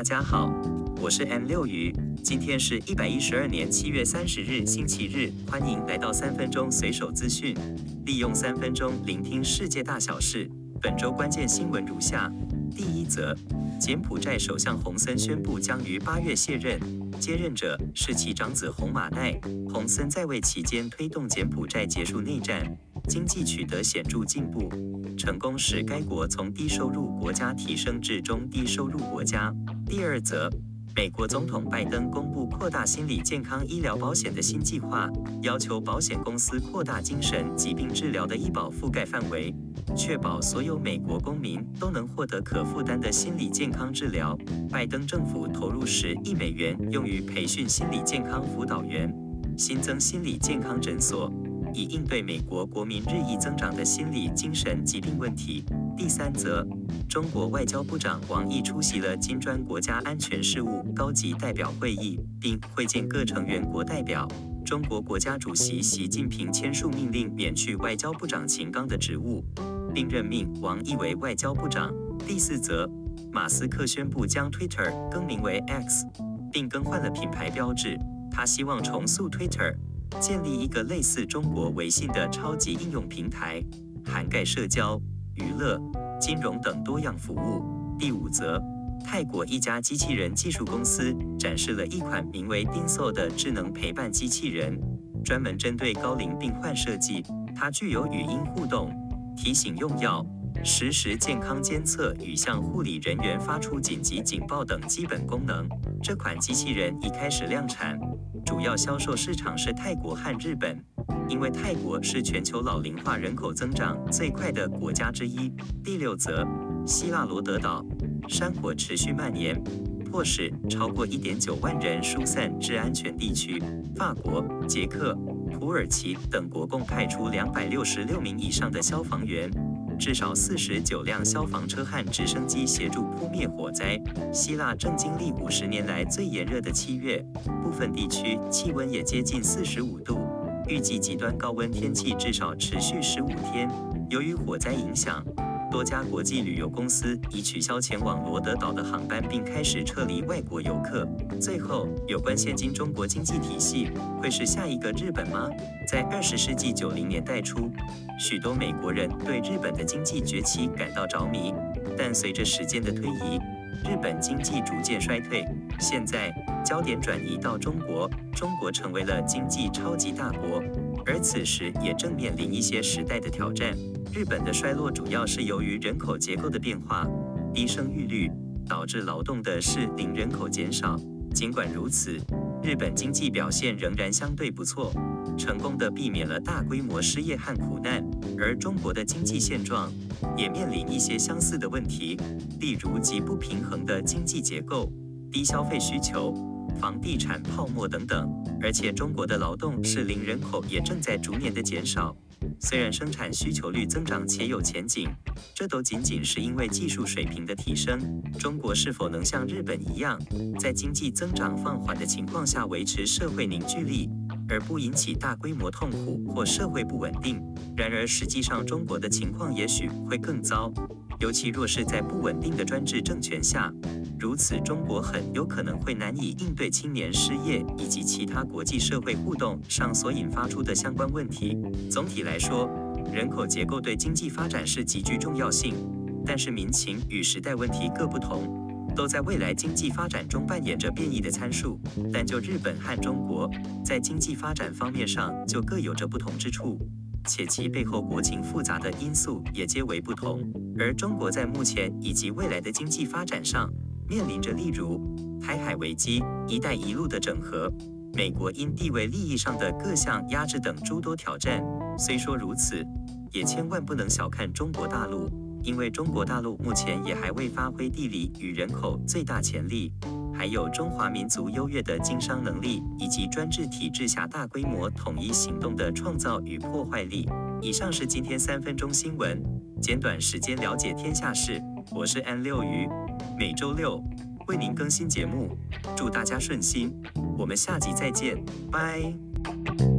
大家好，我是 M 六魚，今天是一百一十二年七月三十日星期日，歡迎來到三分鐘隨手資訊，利用三分鐘聆聽世界大小事。本週關鍵新聞如下：第一則，柬埔寨首相洪森宣布將於八月卸任，接任者是其長子洪馬奈。洪森在位期間推動柬埔寨結束內戰。經濟取得顯著進步，成功使該國從低收入國家提升至中低收入國家。第二則，美國總統拜登公布擴大心理健康醫療保險的新計劃，要求保險公司擴大精神疾病治療的醫保覆蓋範圍，確保所有美國公民都能獲得可負擔的心理健康治療。拜登政府投入十億美元用於培訓心理健康輔導員，新增心理健康診所。以應對美國國民日益增長的心理精神疾病問題。第三則，中國外交部長王毅出席了金磚國家安全事務高級代表會議，並會見各成員國代表。中國國家主席習近平簽署命令，免去外交部長秦剛的職務，並任命王毅為外交部長。第四則，馬斯克宣布將 Twitter 更名為 X，並更換了品牌標誌。他希望重塑 Twitter。建立一個類似中國微信的超級應用平台，涵蓋社交、娛樂、金融等多樣服務。第五則，泰國一家機器人技術公司展示了一款名為丁索的智能陪伴機器人，專門針對高齡病患設計。它具有語音互動、提醒用藥。實時健康監測與向護理人員發出緊急警報等基本功能，這款機器人已開始量產，主要銷售市場是泰國和日本，因為泰國是全球老齡化人口增長最快的國家之一。第六則，希臘羅德島，山火持續蔓延，迫使超過一點九萬人疏散至安全地區，法國、捷克、土耳其等國共派出兩百六十六名以上的消防員。至少四十九輛消防車和直升機協助撲滅火災。希臘正經歷五十年來最炎熱的七月，部分地區氣溫也接近四十五度，預計極端高溫天氣至少持續十五天。由於火災影響，多家國際旅遊公司已取消前往羅德島的航班，並開始撤離外國遊客。最後，有關現今中國經濟體系會是下一個日本嗎？在二十世紀九零年代初，許多美國人對日本的經濟崛起感到着迷，但隨着時間的推移，日本經濟逐漸衰退。現在，焦點轉移到中國，中國成為了經濟超級大國。而此時也正面臨一些時代的挑戰。日本的衰落主要是由於人口結構的變化、低生育率導致勞動的適齡人口減少。儘管如此，日本經濟表現仍然相對不錯，成功地避免了大規模失業和苦難。而中國的經濟現狀也面臨一些相似的問題，例如極不平衡的經濟結構、低消費需求。房地產泡沫等等，而且中國的勞動適齡人口也正在逐年的減少。雖然生產需求率增長且有前景，這都僅僅是因為技術水平的提升。中國是否能像日本一樣，在經濟增長放緩的情況下維持社會凝聚力，而不引起大規模痛苦或社會不穩定？然而實際上，中國的情況也許會更糟，尤其若是在不穩定的專制政權下。如此，中國很有可能會難以應對青年失業以及其他國際社會互動上所引發出的相關問題。總體來說，人口結構對經濟發展是極具重要性，但是民情與時代問題各不同，都在未來經濟發展中扮演着變異的參數。但就日本和中國在經濟發展方面上就各有着不同之處，且其背後國情複雜的因素也皆為不同。而中國在目前以及未來的經濟發展上，面臨着例如台海危機、一帶一路的整合、美國因地位利益上的各項壓制等諸多挑戰。雖說如此，也千萬不能小看中國大陸，因為中國大陸目前也還未發揮地理與人口最大潛力，還有中華民族優越的經商能力以及專制體制下大規模統一行動的創造與破壞力。以上是今天三分鐘新聞，簡短時間了解天下事。我是 N 六魚，每周六為您更新節目，祝大家順心，我們下集再見，拜拜。